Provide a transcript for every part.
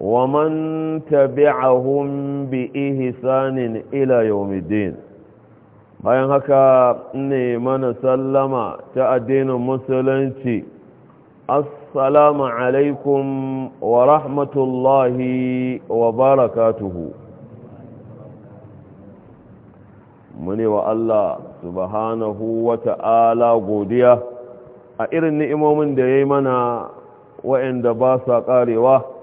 ومن تبعهم بإحسان إلى يوم الدين bayan haka ne mana sallama ta addinin musulunci assalamu alaikum wa rahmatullahi wa barakatuhu mune wa Allah subhanahu wa ta'ala godiya a irin ni'imomin da ya yi mana wa'anda ba sa ƙarewa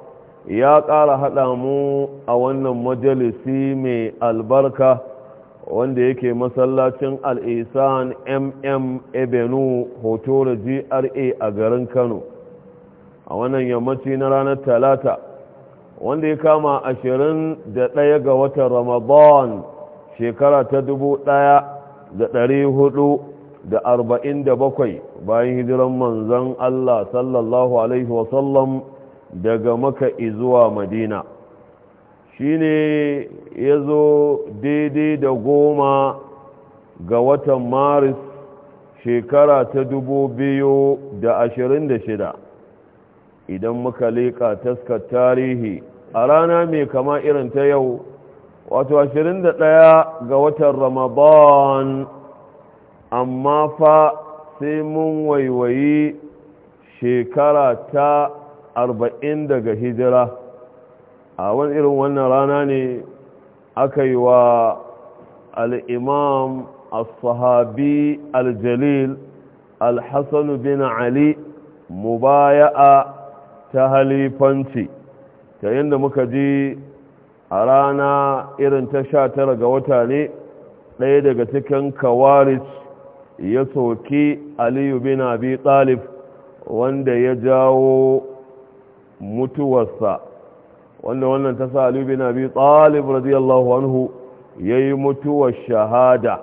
ya ƙara haɗa mu a wannan majalisi mai albarka wanda yake masallacin al'isan mm ebenu hoto da gra a garin kano a wannan yammaci na ranar talata wanda ya kama ashirin da ɗaya ga watan ramadan shekara ta dubu ɗaya da ɗari hudu da arba'in da bakwai bayan hijiran manzan allah sallallahu alaihi wasallam daga maka zuwa madina shine ya zo daidai da goma ga watan maris shekara ta dubu biyu da ashirin da shida idan muka leƙa taskar tarihi a rana mai kama irin ta yau wato ashirin da ɗaya ga watan ramadan amma fa sai mun waiwayi shekara ta arba'in daga hijira a wani irin wannan rana ne aka yi wa al'imam al-sahabi al-jalil al-hassan bin ali mubaya'a ta halifanci ta yadda muka ji a rana irin ta sha tara ga wata ne ɗaya daga cikin kawarich ya soki aliyu bin abi talib wanda ya jawo mutuwarsa wanda wannan ta sa Ali bin Abi Talib radiyallahu anhu yayi mutuwar shahada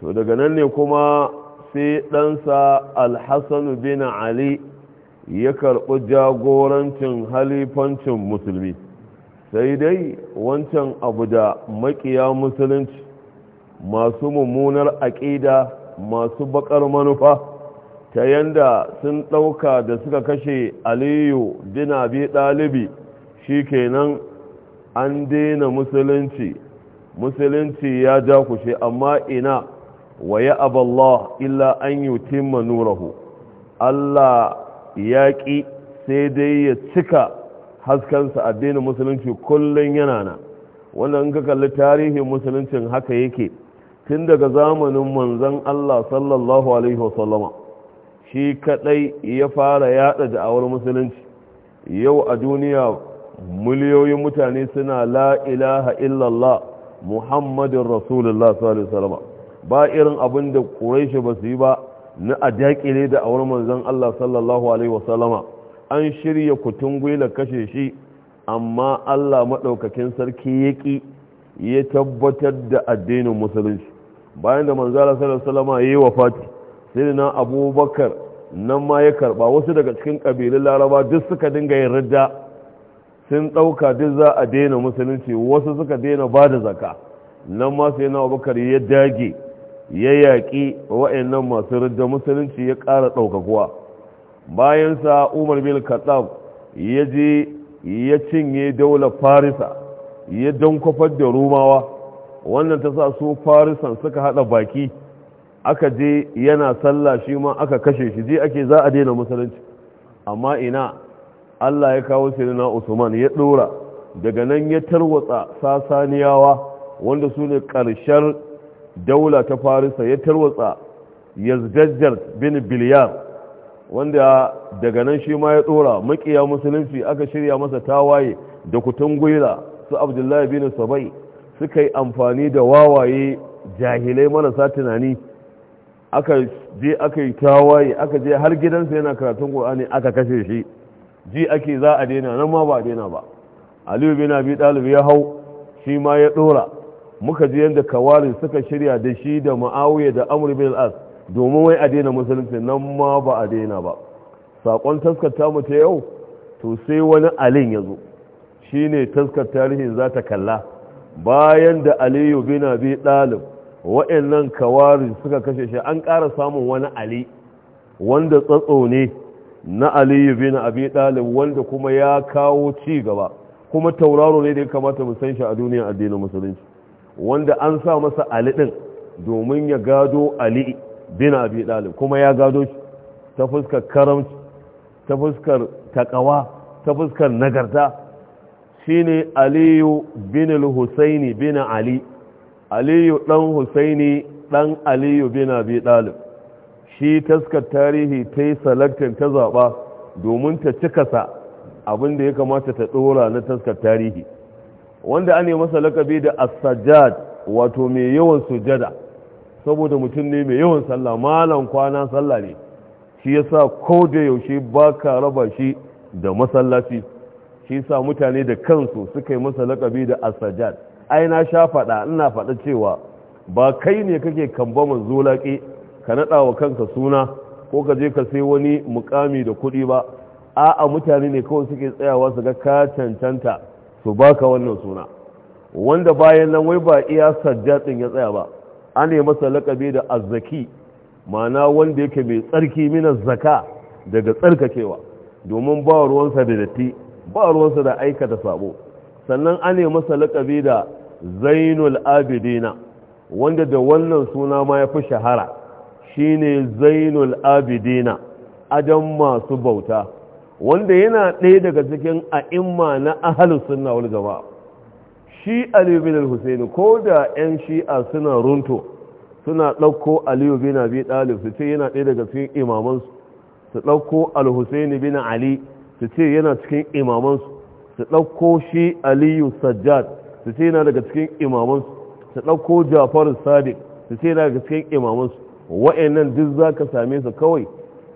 to daga nan ne kuma sai ɗansa Al-Hasan bin Ali ya karɓi jagorancin halifancin musulmi sai dai wancan abu da maƙiya musulunci masu mummunar aƙida masu baƙar manufa ta yanda sun ɗauka da suka kashe aliyu dina bi ɗalibi shi kenan an daina musulunci musulunci ya ja kushe amma ina wa ya aballah illa an yi timma nurahu allah ya ƙi sai dai ya cika haskansa daina musulunci kullum yana na wanda in ka kalli tarihin musuluncin haka yake tun daga zamanin manzon allah sallallahu alaihi wasallama shi kadai ya fara yada awar musulunci yau a duniya miliyoyin mutane suna la ilaha illallah muhammadin rasulullah sallallahu alaihi ba irin abin da quraishi ba su yi ba na a da awar manzon Allah sallallahu alaihi wasallam an shirya kutun gwila kashe shi amma Allah madaukakin sarki yaki ya tabbatar da addinin musulunci bayan da manzon Allah sallallahu alaihi wasallama yayi wafati sai na abubakar nan ma ya karba wasu daga cikin ƙabilun laraba duk suka dinga yin ridda sun ɗauka duk za a daina musulunci wasu suka daina ba da zaka nan ma sai na abubakar ya dage ya yaƙi wa'annan masu ridda musulunci ya ƙara bayan sa umar bin khattab ya je ya cinye daular farisa ya don kwafar da rumawa wannan ta sa su farisan suka haɗa baki aka je yana sallah shi ma aka kashe shi je ake za a daina musulunci amma ina Allah ya kawo sirina Usman ya dora daga nan ya tarwatsa sasaniyawa wanda su ne ƙarshen daula ta farisa ya tarwatsa yazdajjar bin biliyar wanda daga nan shi ma ya dora makiya musulunci aka shirya masa tawaye da kutun gwila su abdullahi bin sabai suka yi amfani da wawaye jahilai marasa tunani aka je aka yi tawaye aka je har gidansa yana karatun ƙur'ani aka kashe shi ji ake za a daina nan ma ba a daina ba aliyu bin abi ɗalibi ya hau shi ma ya ɗora muka ji yadda kawarin suka shirya da shi da ma'awiya da amur bin al'as domin wai a daina musulunci nan ma ba a daina ba saƙon taskata mu ta yau to sai wani alin ya zo shi ne taskar tarihin za ta kalla bayan da aliyu bin abi dalib. waɗannan kawari suka kashe shi an ƙara samun wani ali wanda tsatso ne na aliyu bin abi ɗalib wanda kuma ya kawo ci gaba kuma tauraro ne da ya kamata mu san shi a duniyar addinin musulunci wanda an sa masa ali ɗin domin ya gado ali bin abi ɗalib kuma ya gado shi ta fuskar karamci ta fuskar takawa ta fuskar nagarta shine aliyu bin al-husaini bin ali aliyu ɗan husaini ɗan aliyu bin abi ɗalib shi taskar tarihi ta yi salaktin ta zaɓa domin ta cika sa abin da ya kamata ta ɗora na taskar tarihi wanda an yi masa lakabi da asajad wato mai yawan sujada saboda mutum ne mai yawan sallah malam kwana sallah ne shi yasa ko da yaushe ba ka raba shi da masallaci shi sa mutane da kansu suka yi masa lakabi da asajad ai na sha faɗa ina faɗa cewa ba kai ne kake kamba manzo laƙi ka naɗa wa kanka suna ko ka je ka sai wani mukami da kuɗi ba a'a mutane ne kawai suke tsayawa su ga ka cancanta su baka wannan suna wanda bayan nan wai ba iya sajjatin ya tsaya ba an yi masa lakabi da azzaki ma'ana wanda yake mai tsarki mina zaka daga tsarkakewa domin ba ruwansa da datti ba ruwansa da aikata sabo sannan an yi masa laƙabi da zainul abidina wanda da wannan suna ma ya fi shahara shi ne zainul abidina adam masu bauta wanda yana ɗaya daga cikin a'imma na ahalus sunna Wani gaba. shi aliyu bin al-husaini ko da 'yan shi'a suna runto suna ɗauko aliyu bin abi ɗalib su ce yana ɗaya daga cikin imamansu su ɗauko al-husaini bin ali su ce yana cikin imamansu su ɗauko shi aliyu sajjad su ce yana daga cikin imamansu su ɗauko jafaru sadiq su ce yana daga cikin imamansu wa'annan duk za ka same su kawai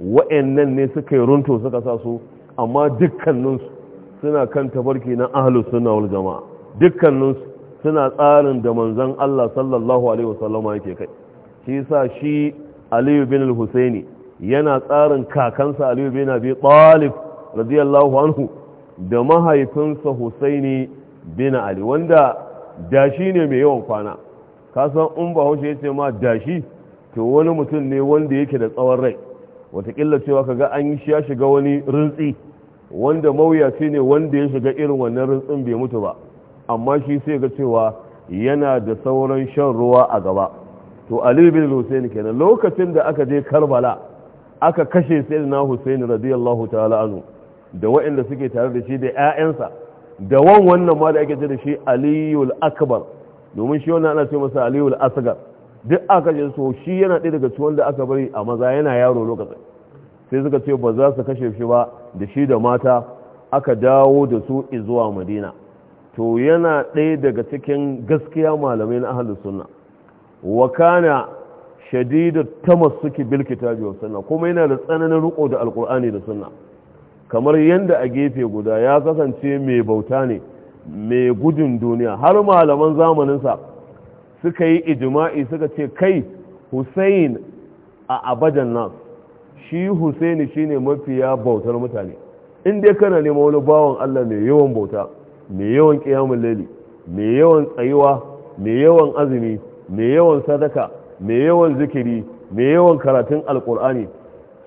wa'annan ne suka yi runto suka sa su amma dukkaninsu suna kan tafarki na ahlus suna wal jama'a dukkaninsu suna tsarin da manzan Allah sallallahu alaihi wasallam yake kai shi sa shi Aliyu bin al-Husaini yana tsarin kakansa Aliyu bin Abi Talib radiyallahu anhu da mahaifinsa husaini bin ali wanda dashi ne mai yawan kwana kasan in ba haushe ya ce ma dashi to wani mutum ne wanda yake da tsawon rai watakila cewa kaga an yi ya shiga wani rintsi wanda mawuyaci ne wanda ya shiga irin wannan rintsin bai mutu ba amma shi sai ga cewa yana da sauran shan ruwa a gaba to ali bin husaini kenan lokacin da aka je karbala aka kashe sayyidina husaini radiyallahu ta'ala anhu da waɗanda suke tare da shi da 'ya'yansa da wan wannan ma da ake ce da shi aliyul akbar domin shi wannan ana ce masa aliyul asgar duk aka ce so shi yana ɗaya daga cikin wanda aka bari a maza yana yaro lokacin sai suka ce ba za su kashe shi ba da shi da mata aka dawo da su zuwa madina to yana ɗaya daga cikin gaskiya malamai na ahalus sunna wa kana shadidu tamassuki bil kitabi wa sunna kuma yana da tsananin riko da alqur'ani da sunna kamar yadda a gefe guda ya kasance mai bauta ne mai gudun duniya har malaman zamaninsa suka yi ijima'i suka ce kai hussein a abajan nan shi husaini shine mafiya bautar mutane inda dai kana nema wani bawan allah mai yawan bauta mai yawan kiyamun lili mai yawan tsayuwa mai yawan azumi mai yawan sadaka mai yawan zikiri mai yawan karatun alkur'ani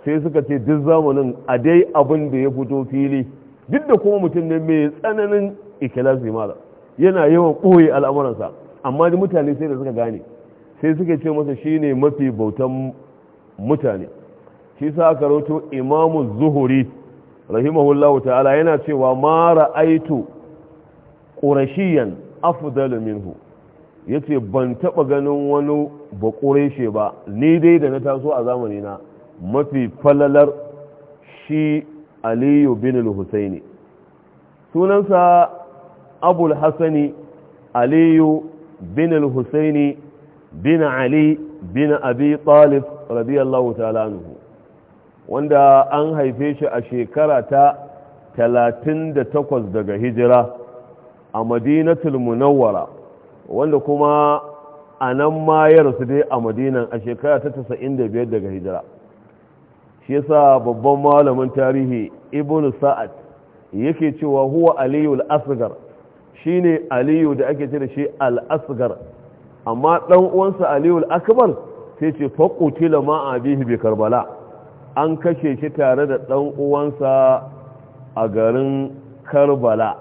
sai suka ce duk zamanin a dai abin da ya fito fili duk da kuma mutum ne mai tsananin ikilasi mara yana yawan ɓoye al'amuransa amma da mutane sai da suka gane sai suka ce masa shi ne mafi bautan mutane shi sa aka rawato imamu zuhuri rahimahullahu ta'ala yana cewa mara ra'aitu ƙurashiyan afdalu minhu yace ban taɓa ganin wani bakureshe ba ni dai da na taso a zamanina. mafi falalar shi aliyu bin al-husaini sunansa abul hasani aliyu bin al-husaini bin ali bin abi talib radiyallahu ta'ala anhu wanda an haife shi a shekara ta 38 daga hijira a madinatul munawwara wanda kuma a nan ma ya dai a madinan a shekara ta 95 daga hijira shi yasa babban malamin tarihi ibnu sa'ad yake cewa huwa aliyu al-asghar shine aliyu da ake ci da shi al-asghar amma dan uwansa aliyu al-akbar sai ce faqutila ma abihi bi karbala an kashe shi tare da dan uwansa a garin karbala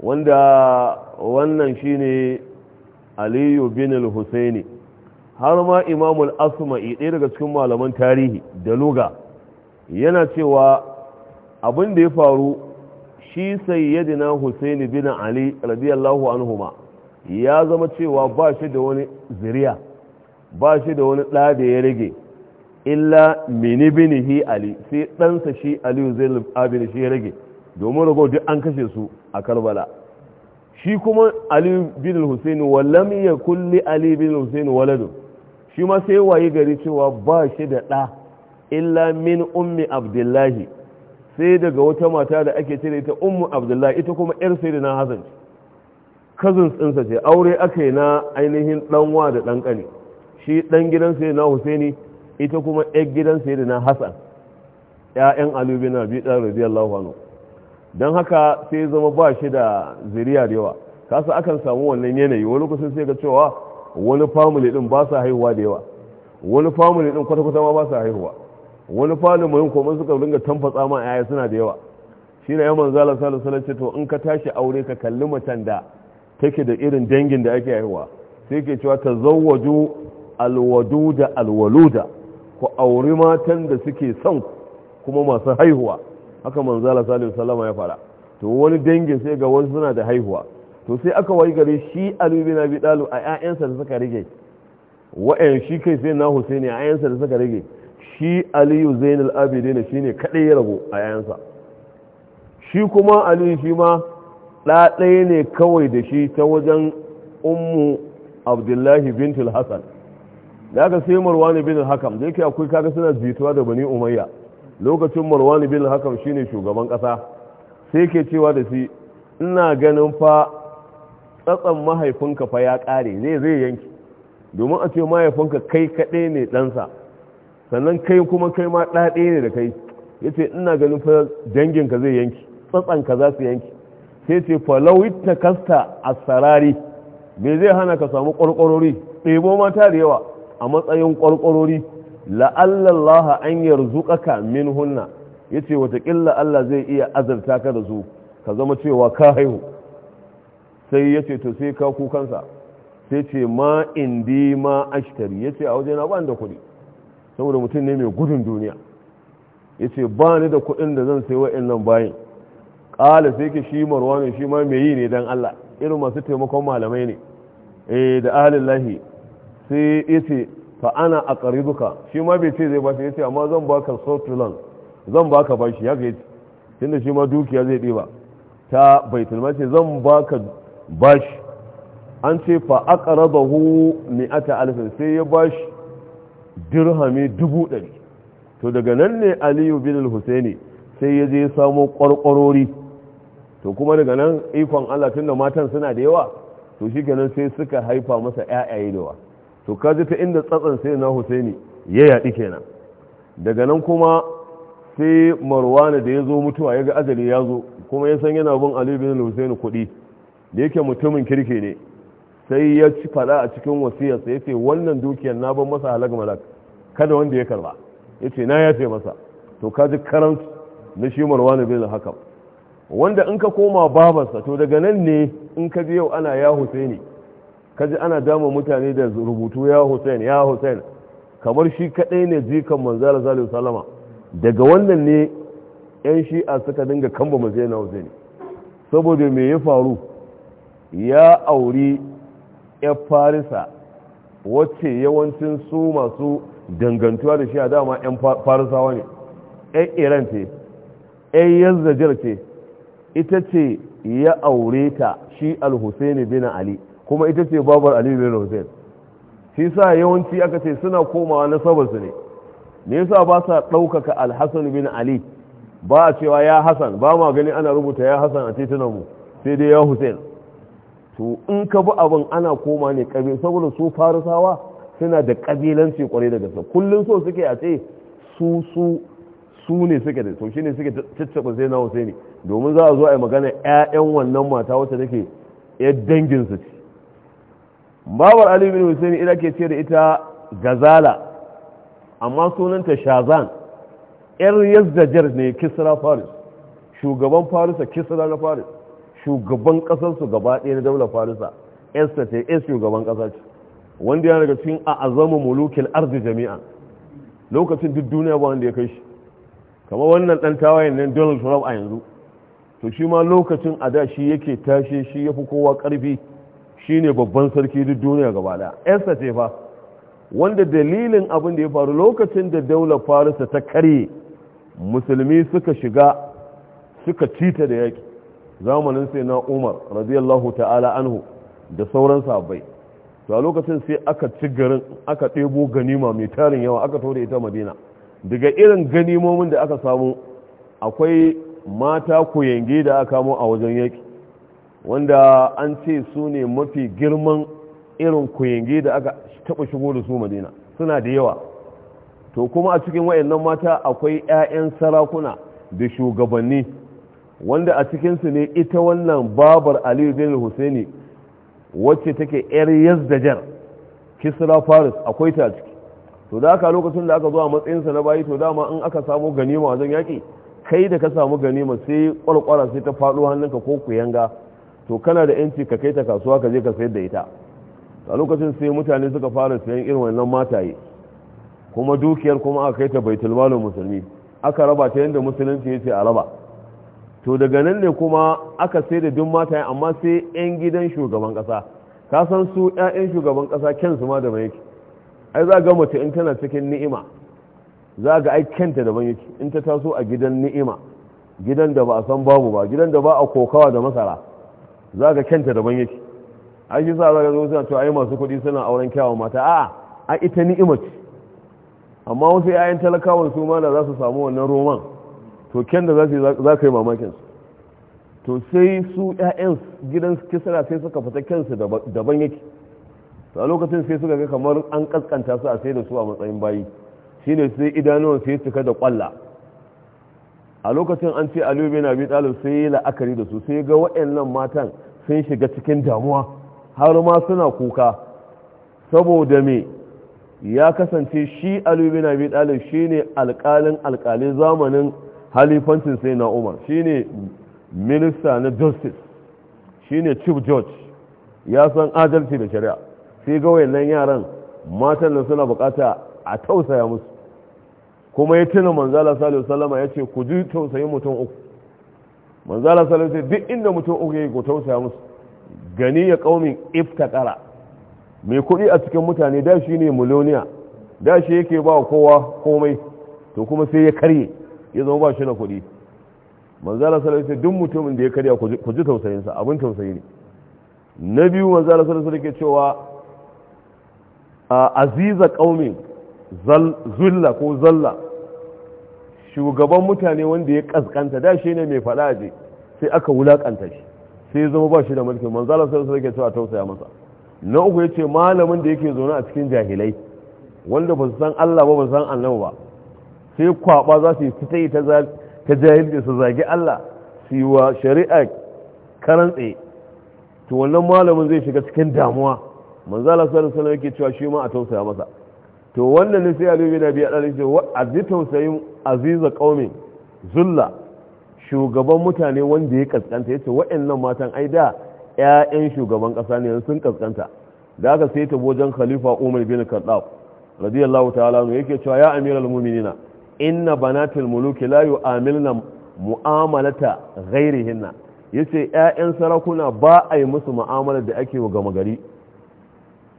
wanda wannan shine aliyu bin al-husaini har ma imamul asma'i ɗaya daga cikin malaman tarihi da luga yana cewa abin da ya faru shi sai yadina husaini bin ali radiyallahu anhuma ya zama cewa ba shi da wani zuriya ba shi da wani ɗa da ya rage illa mini hi ali sai ɗansa shi aliyu zai abin shi ya rage domin rago duk an kashe su a karbala shi kuma ali bin husaini wallam ya kulli ali bin husaini waladun shi ma sai waye gari cewa ba shi da ɗa illa min ummi abdullahi sai daga wata mata da ake cire ta ummu abdullahi ita kuma yar sai da na hazan kazin tsinsa ce aure aka yi na ainihin ɗanwa da ɗan ƙani shi ɗan gidan sai na husaini ita kuma yar gidan sai na hasan ‘ya'yan alubi na biyu ɗan radiyallahu anhu don haka sai zama ba shi da zuriya da yawa kasa akan samu wannan yanayi wani kusan sai ga cewa wani family din ba sa haihuwa da yawa wani family din kwata-kwata ma ba sa haihuwa wani family kuma suka ringa tamfatsa ma yaya suna da yawa shi na yaman zala sa da ce to in ka tashi aure ka kalli macen da take da irin dangin da ake haihuwa sai ke cewa ta zawwaju alwadu da alwaluda ku auri matan da suke son kuma masu haihuwa haka manzala alaihi wasallam ya fara to wani dangin sai ga wani suna da haihuwa to sai aka wayi gare shi Ali bin Abi Talib a ƴaƴansa da suka rage wa'an shi kai sai na Husaini a ƴaƴansa da suka rage shi Aliyu Zainul Abidin shine kadai ya rago a ƴaƴansa shi kuma Aliyu shi ma da ɗaya ne kawai da shi ta wajen ummu Abdullahi bintul Hassan da aka sai Marwan bin Hakam da yake akwai kaga suna jituwa da Bani Umayya lokacin Marwan bin Hakam shine shugaban kasa sai ke cewa da shi ina ganin fa tsatsan mahaifinka fa ya ƙare zai zai yanki domin a ce mahaifinka kai kaɗai ne ɗansa sannan kai kuma kai ma ɗaɗe ne da kai ya ce ina ganin fa danginka zai yanki tsatsanka za su yanki sai ce falawit kasta a sarari bai zai hana ka samu ƙwarƙwarori ɗebo mata da yawa a matsayin ƙwarƙwarori la'allallaha an yarzuƙaka min hunna ya ce watakila Allah zai iya azarta ka da su ka zama cewa ka haihu sai ya ce to sai ka kukansa sai ce ma indi ma ashtari ya ce a waje na ban da kuɗi saboda mutum ne mai gudun duniya ya ce ba ni da kuɗin da zan sai wa'in nan bayan ƙala sai ke shi marwa ne shi ma mai yi ne don allah irin masu taimakon malamai ne eh da ahalin lahi sai ya ce fa ana a duka shi ma bai ce zai bashi ya ce amma zan baka sautulan zan baka bashi ya ga yace tunda shi ma dukiya zai ɗiba ta baitulma ce zan baka bashi an ce fa aka raba hu mi'ata alifin sai ya bashi dirhami dubu ɗari to daga nan ne aliyu bin al sai ya je samo ƙwarƙwarori to kuma daga nan ikon allah tun da matan suna da yawa to shi ganin sai suka haifa masa ƴaƴaye da yawa to kaji ta inda tsatsan sai na husaini ya yaɗi kenan daga nan kuma sai marwana da ya zo mutuwa ya ga ajali ya zo kuma ya san yana bin aliyu bin al kuɗi da yake mutumin kirki ne sai ya ci fada a cikin wasiyarsa yace wannan dukiyar na ban masa halag malak kada wanda ya karba yace na yafe masa to ka ji karanci na shi marwan bin hakam wanda in ka koma babarsa to daga nan ne in ka ji yau ana ya husaini ka ji ana dama mutane da rubutu ya husain ya husain kamar shi kadai ne jikan manzala salihu salama daga wannan ne yan shi'a suka dinga kamba mazai na husaini saboda me ya faru ya auri ya farisa wacce yawancin su masu dangantuwa da shi a dama 'yan farisawa ne ɗan iran ce ɗan yanzajar ce ita ce ya aure ta shi alhussaini bin ali kuma ita ce babar ali bin hussein shi sa yawanci aka ce suna komawa na su ne me sa ba sa ɗaukaka AlHassan bin ali ba a cewa ya hassan ba ma gani ana rubuta ya hassan a titunanmu sai dai ya hussein to in ka bi abin ana koma ne kabil saboda su farisawa suna da kabilanci kwarai da gaske kullum so suke a ce su su su ne suke da to ne suke caccaba sai na ne domin za a zo a yi magana ƴaƴan wannan mata wacce take ƴar dangin su ce babar Ali bin Husaini ita ke ce da ita Gazala amma sunanta Shazan ƴar Yazdajar ne Kisra Faris shugaban Farisa Kisra na Faris shugaban ƙasarsu gaba ɗaya na daular farisa esta ce es shugaban ƙasa ce wanda ya daga cikin a azama mulukin arzi jami'a lokacin duk duniya ba wanda ya kai shi kamar wannan ɗan tawayen nan donald trump a yanzu to shi ma lokacin a da shi yake tashe shi ya fi kowa karfi shi ne babban sarki duk duniya gaba ɗaya esta ce fa wanda dalilin abin da ya faru lokacin da daular farisa ta karye musulmi suka shiga suka cita da yaƙi zamanin sai na umar radiyallahu ta'ala anhu da sauran sahabbai to a lokacin sai aka ci garin aka ɗebo ganima mai tarin yawa aka taure ita madina daga irin ganimomin da aka samu akwai mata koyange da aka kamo a wajen yaki wanda an ce su ne mafi girman irin koyange da aka taɓa shigo da su madina suna da yawa to kuma a cikin wayannan mata akwai 'ya'yan sarakuna da shugabanni wanda a cikinsu ne ita wannan babar aliyu bin husaini wacce take yar yazdajar kisra faris akwai ta ciki to da aka lokacin da aka zo a matsayinsa na bayi to dama in aka samu ganima wajen yaki kai da ka samu ganima sai kwalkwara sai ta faɗo hannunka ko kuyanga to kana da yanci ka kai ta kasuwa ka je ka sayar da ita a lokacin sai mutane suka fara sayan irin wannan mataye kuma dukiyar kuma aka kai ta baitul malin musulmi aka raba ta yadda musulunci ya ce a raba to daga nan ne kuma aka sai da duk yi amma sai 'yan gidan shugaban kasa ka san su 'ya'yan shugaban kasa kyansu ma daban yake ai za ga mace in tana cikin ni'ima za ga ai kyanta daban yake in ta taso a gidan ni'ima gidan da ba a san babu ba gidan da ba a kokawa da masara za ga kyanta daban yake ai shi sa za ga suna to ai masu kuɗi suna auren kyawun mata a'a ai ita ni'ima ce amma wasu 'ya'yan talakawan su ma da za su samu wannan roman to ken da za ka yi mamakin su to sai su 'ya'yan gidan kisra sai suka fita kyansu daban yake a lokacin sai suka ga kamar an kaskanta su a sai da su a matsayin bayi shine sai idanuwan sai cika da kwalla a lokacin an ce aliyu bin abi talib sai yi la'akari da su sai ga waɗannan matan sun shiga cikin damuwa har ma suna kuka saboda me ya kasance shi aliyu bin abi talib shine alƙalin alƙalin zamanin halifancin sai na umar shine minista na justice shine chief judge ya san adalci da shari'a sai ga wayannan yaran matan da suna bukata a tausaya musu kuma ya tuna manzala salihu salama ya ce ku ji tausayin mutum uku manzala salihu sai duk inda mutum uku ya yi ku tausaya musu gani ya kaumin iftakara mai kuɗi a cikin mutane da shi ne miliyoniya da shi yake ba kowa komai to kuma sai ya karye ya zama ba shi na kuɗi manzala sallallahu alaihi duk mutumin da ya karya ku ji tausayinsa abin tausayi ne na biyu manzala sallallahu alaihi ke cewa aziza qaumin zulla ko zalla shugaban mutane wanda ya kaskanta da shi ne mai fada aje sai aka wulakanta shi sai zama ba shi da mulki manzala sallallahu alaihi ke cewa tausaya masa na uku yace malamin da yake zaune a cikin jahilai wanda ba su san Allah ba ba su san annabi ba sai kwaba za su yi ta yi ta jahilci su zagi Allah su yi wa shari'a karan to wannan malamin zai shiga cikin damuwa manzala sallallahu alaihi yake cewa shi ma a tausaya masa to wannan ne sai Ali bin Abi Talib ce wa tausayin aziza qaumi zulla shugaban mutane wanda ya kaskanta yace wa'annan matan ai da ƴaƴan shugaban ƙasa ne sun kaskanta da aka sai ta wajen khalifa Umar bin Khattab radiyallahu ta'ala yake cewa ya amiral mu'minina inna banatul muluki la yu'amilna mu'amalata ghairihinna yace 'ya'yan sarakuna ba a yi musu mu'amalar da ake wa gama gari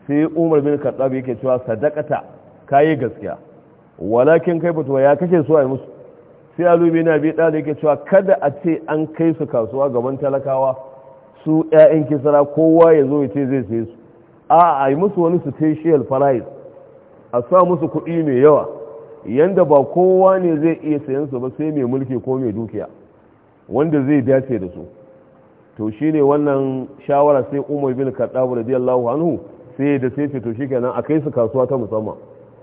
sai Umar bin Khattab yake cewa sadaqata kai gaskiya walakin kai fatuwa ya kake su a yi musu sai Ali bin Abi Talib yake cewa kada a ce an kai su kasuwa gaban talakawa su ƴaƴan kisra kowa ya zo ya ce zai saye su a a musu wani special price a sa musu kuɗi mai yawa yanda ba kowa ne zai iya sayan su ba sai mai mulki ko mai dukiya wanda zai dace da su to shine wannan shawara sai umar bin khattab radiyallahu anhu sai da sai ce to shikenan akai su kasuwa ta musamman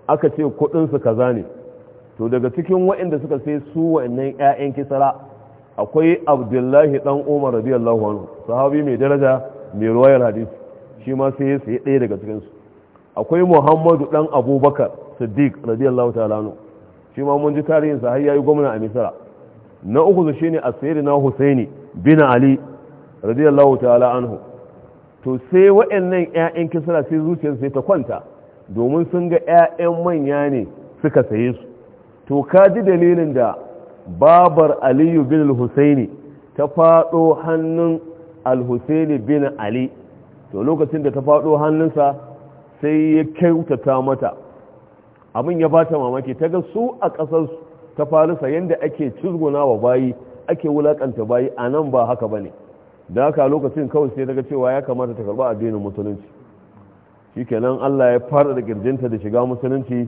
aka ce kudin su kaza ne to daga cikin waɗanda suka sai su wa'annan ƴaƴan kisara akwai abdullahi dan umar radiyallahu anhu sahabi mai daraja mai ruwayar hadisi shi ma sai ya sayi ɗaya daga cikin su akwai muhammadu dan abubakar siddiq radiyallahu ta'ala anhu shi ma mun ji tarihin sa har yayi gwamna a misra na uku shi ne na husaini bin ali radiyallahu ta'ala anhu to sai waɗannan ƴaƴan kisra sai zuciyar sai ta kwanta domin sun ga ƴaƴan manya ne suka saye su to ka ji dalilin da babar aliyu bin husaini ta fado hannun al-husaini bin ali to lokacin da ta fado hannunsa sai ya kyautata mata abin ya bata mamaki ta ga su a ƙasar ta farisa yadda ake cizguna wa bayi ake wulaƙanta bayi a nan ba haka ba ne da aka lokacin kawai sai daga cewa ya kamata ta karɓa addinin musulunci shi shikenan allah ya fara da kirjinta da shiga musulunci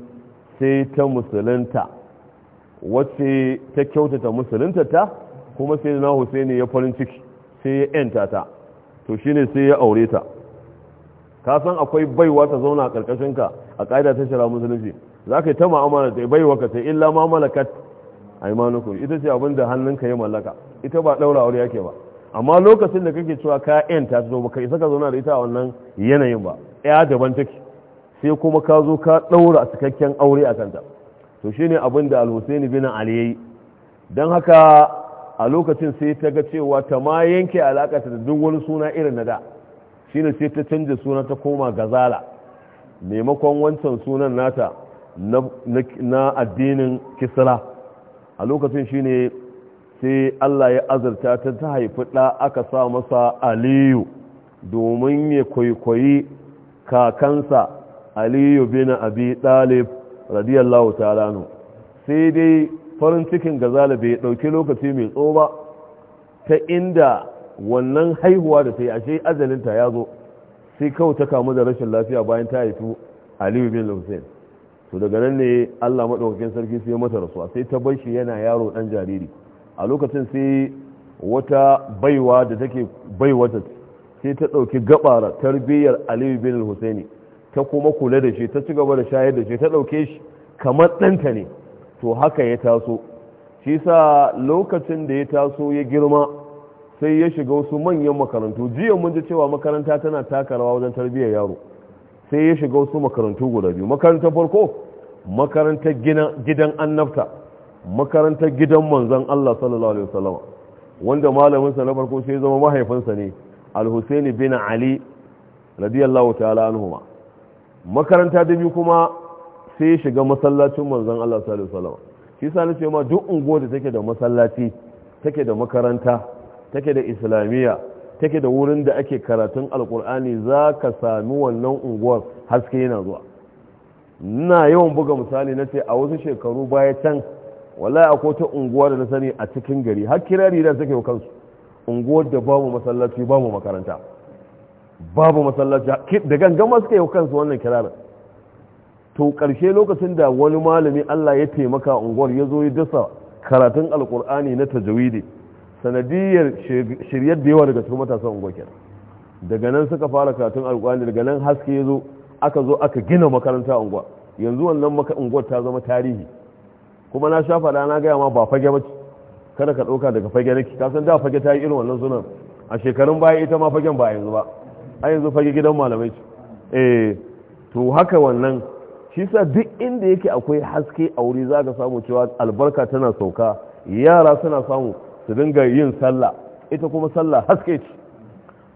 sai ta musulunta wacce ta kyautata musulunta ta kuma sai na husaini ya farin ciki sai ya yanta ta to shine sai ya aure ta ka san akwai baiwa ta zauna a ƙarƙashinka a ƙa'ida ta shara musulunci za ka yi ta ma'amala ta bai waka sai illa a yi aimanukum ita ce abin da hannunka ya mallaka ita ba daura aure yake ba amma lokacin da kake cewa ka yan ta zo baka isa ka zauna da ita a wannan yanayin ba ya daban take sai kuma ka zo ka ɗaura cikakken aure a kanta to shine abin da al-Husaini bin Ali yayi dan haka a lokacin sai ta ga cewa ta ma yanke alaka da duk wani suna irin na da shine sai ta canja suna ta koma gazala maimakon wancan sunan nata na addinin kisra a lokacin shine sai Allah ya azurta ta ta haifi ɗa aka sa masa aliyu domin ya kwaikwayi kakansa aliyu bin abi ɗalib radiyallahu ta'ala nu sai dai farin cikin gazala bai ɗauki lokaci mai tsoba ta inda wannan haihuwa da ta yi ashe azalinta ya zo sai kawai ta kamu da rashin lafiya bayan ta haifi aliyu bin hussein to daga nan ne Allah maɗaukakin sarki sai mata rasuwa sai ta bar shi yana yaro ɗan jariri a lokacin sai wata baiwa da take baiwata sai ta ɗauki gabara tarbiyyar Aliyu bin Husaini ta kuma kula da shi ta ci gaba da shayar da shi ta ɗauke shi kamar ɗanta ne to haka ya taso shi sa lokacin da ya taso ya girma sai ya shiga wasu manyan makarantu jiya mun ji cewa makaranta tana taka rawa wajen tarbiyyar yaro sai ya shiga wasu makarantu guda biyu makarantar farko makarantar gidan annabta makarantar gidan manzan Allah sallallahu alaihi wasallam wanda malaminsa na farko sai zama mahaifinsa ne al bin Ali radiyallahu ta'ala anhuma makaranta da biyu kuma sai ya shiga masallacin manzan Allah sallallahu alaihi wasallam shi sa ma duk unguwar da take da masallaci take da makaranta take da islamiyya take da wurin da ake karatun alkur'ani za ka sami wannan unguwar haske yana zuwa na yawan buga misali na ce a wasu shekaru baya can wallahi a kota unguwa da na sani a cikin gari har kirari da suke wa kansu unguwar da babu masallaci babu makaranta babu masallaci da gangama suke wa kansu wannan kirarin to karshe lokacin da wani malami Allah ya taimaka unguwar ya zo ya dasa karatun alkur'ani na tajawidi sanadiyar shiryar da yawa daga cikin matasan unguwa kenan daga nan suka fara karatun alƙur'ani daga nan haske ya zo aka zo aka gina makaranta unguwa yanzu wannan unguwar ta zama tarihi kuma na sha faɗa na gaya ma ba fage bace kada ka ɗauka daga fage nake ka san da fage ta yi irin wannan sunan a shekarun baya ita ma fagen ba yanzu ba a yanzu fage gidan malamai ce eh to haka wannan shi sa duk inda yake akwai haske a wuri za ka samu cewa albarka tana sauka yara suna samu su dinga yin sallah ita kuma sallah haske ce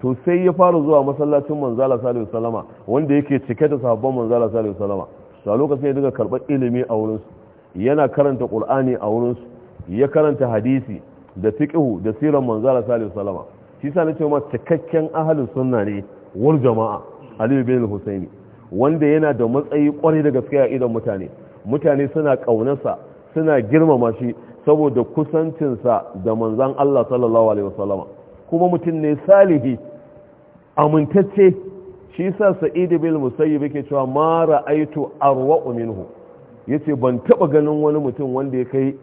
to sai ya fara zuwa masallacin manzala salihu salama wanda yake cike da sahabban manzala salihu salama to a lokacin ya dinga karɓar ilimi a wurinsu yana karanta qur'ani a wurinsu ya karanta hadisi da fiqhu da siran manzala salihu salama shi sa ce ma cikakken ahalin sunna ne wal jama'a ali bin al-husaini wanda yana da matsayi kwarai da gaskiya idan mutane mutane suna kaunarsa suna girmama shi saboda kusancinsa da manzan Allah sallallahu alaihi wasallama kuma mutum ne salihi amintacce shi sa sa'idu bil musayyib yake cewa Mara Aitu arwa minhu yace ban taba ganin wani mutum wanda ya kai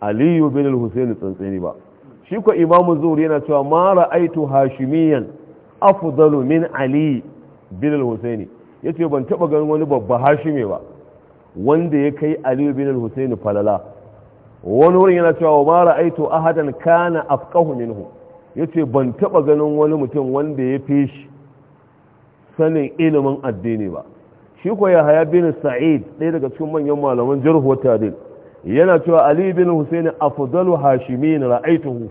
aliyu bin al-husayn tsantsani ba shi ko imam zuhri yana cewa Mara Aitu hashimiyan afdalu min ali bin al-husayn yace ban taba ganin wani babba hashime ba wanda ya kai aliyu bin al-husayn falala wani wurin yana cewa wa mara aito ahadan kana afqahu minhu yace ban taba ganin wani mutum wanda ya fi shi sanin ilimin addini ba shi ko ya haya bin sa'id ɗaya daga cikin manyan malaman jarh wa tadil yana cewa ali bin husaini afdalu hashimin ra'aituhu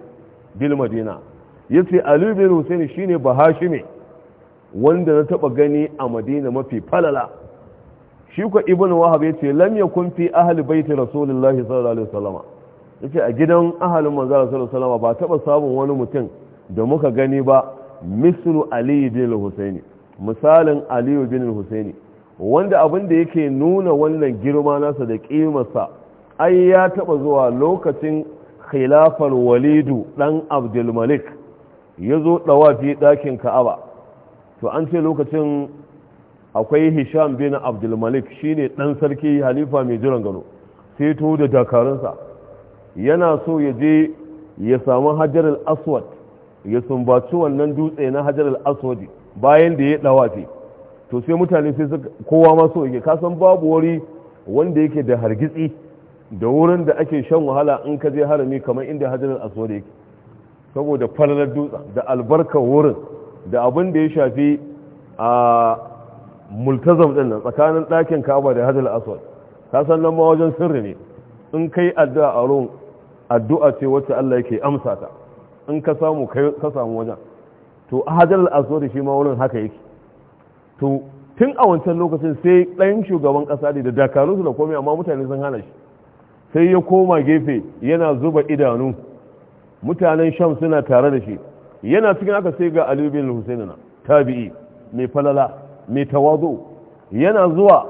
bil madina yace ali bin husaini shine bahashimi wanda na taba gani a madina mafi falala shi ko ibn wahab yace lam yakun fi ahli baiti rasulullahi sallallahu alaihi wasallam yace a gidan ahalin manzo sallallahu alaihi wasallam ba taba samun wani mutum da muka gani ba mislu ali bin husaini misalin ali bin husaini wanda abin da yake nuna wannan girma nasa da kimarsa ai ya taba zuwa lokacin khilafar walidu dan abdul malik ya zo dawafi dakin ka'aba to an ce lokacin akwai hisham bin abdulmalik shine dan sarki halifa mai jiran gano sai to da dakarunsa yana so ya je ya samu hajar al-aswad ya sumbaci wannan dutse na hajar al-aswadi bayan da ya ɗawace to sai mutane sai kowa ma so yake kasan babu wuri wanda yake da hargitsi da wurin da ake shan wahala in ka je harami kamar inda hajar al aswad yake saboda falalar dutsen da albarkar wurin da abin da ya shafi a ah, multazam ɗin nan tsakanin ɗakin kaba da hajar aswad ka san nan ma wajen sirri ne in kai addu'a a ruwan addu'a ce wacce Allah yake amsa ta in ka samu ka samu wajen to a hajjal aswad shi ma wurin haka yake to tun a wancan lokacin sai ɗayan shugaban ƙasa ne da dakaru su da komai amma mutane sun hana shi sai ya koma gefe yana zuba idanu mutanen sham suna tare da shi yana cikin haka sai ga aliyu bin husaini na tabi'i mai falala mai tawazo yana zuwa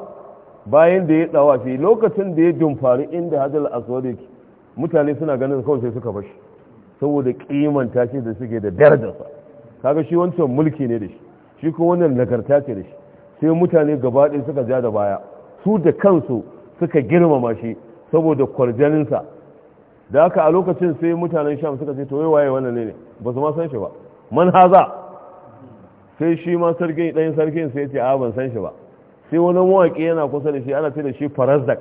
bayan da ya fi lokacin da ya dumfari inda hajjal aswad yake mutane suna ganin kawai sai suka bashi saboda kimanta shi da suke da darajarsa kaga shi wancan mulki ne da shi shi ko wannan nagarta ce da shi sai mutane gaba ɗaya suka ja da baya su da kansu suka girmama shi saboda kwarjaninsa da haka a lokacin sai mutanen sham suka ce to wai waye wannan ne ba su ma san shi ba man haza sai shi ma sarki ɗayan sarkin sai ce a ban san shi ba sai wani mawaƙi yana kusa da shi ana ce da shi farazak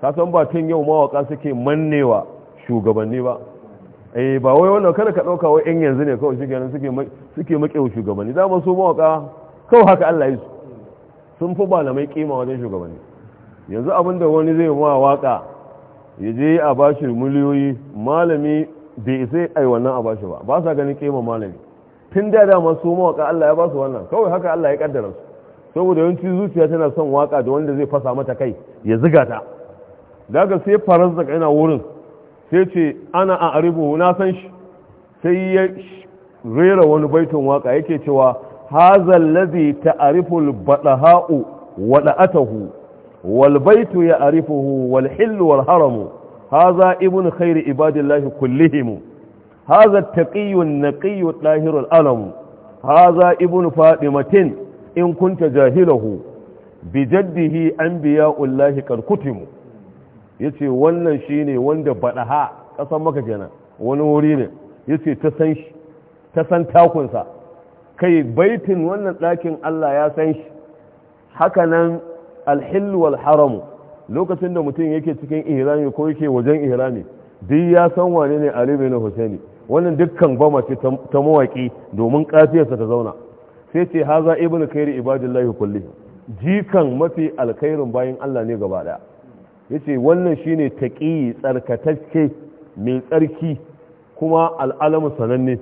ka san ba tun yau mawaƙa suke mannewa shugabanni ba eh ba wai wannan kada ka ɗauka wai yan yanzu ne kawai shi suke suke maƙe shugabanni dama su mawaƙa kawai haka Allah ya su sun fi mai kima wajen shugabanni yanzu abin da wani zai ma waka ya je a bashi miliyoyi malami bai sai ai wannan a bashi ba ba sa ganin kima malami tun da dama su mawaka Allah ya ba su wannan kawai haka Allah ya kaddara su saboda yawanci zuciya tana son waka da wanda zai fasa mata kai ya ziga ta daga sai faransa yana wurin sai ce ana a aribu na san shi sai ya rera wani baitun waka yake cewa hazal ladhi ta'riful badaha'u wa atahu, wal baitu ya'rifuhu wal hillu wal haramu haza ibnu khairi ibadillahi kullihim هذا التقي النقي الطاهر alam haza ابن fadimatin in kunta jahilahu بجده أنبياء الله قد kutimu yace wannan shine wanda badaha kasan maka kenan wani wuri ne yace ta ta san takunsa kai baitin wannan ɗakin Allah ya san shi haka nan alhil wal haramu lokacin da mutum yake cikin ihrami ko yake wajen ihrami duk ya san wane ne Ali bin Husaini wannan dukkan bama ce ta mawaƙi domin kafiyarsa ta zauna sai ce haza ibnu kairi ibadillahi kulli jikan mafi alkhairin bayan Allah ne gaba ya yace wannan shine taqi tsarkatacce mai tsarki kuma al'alamu sananne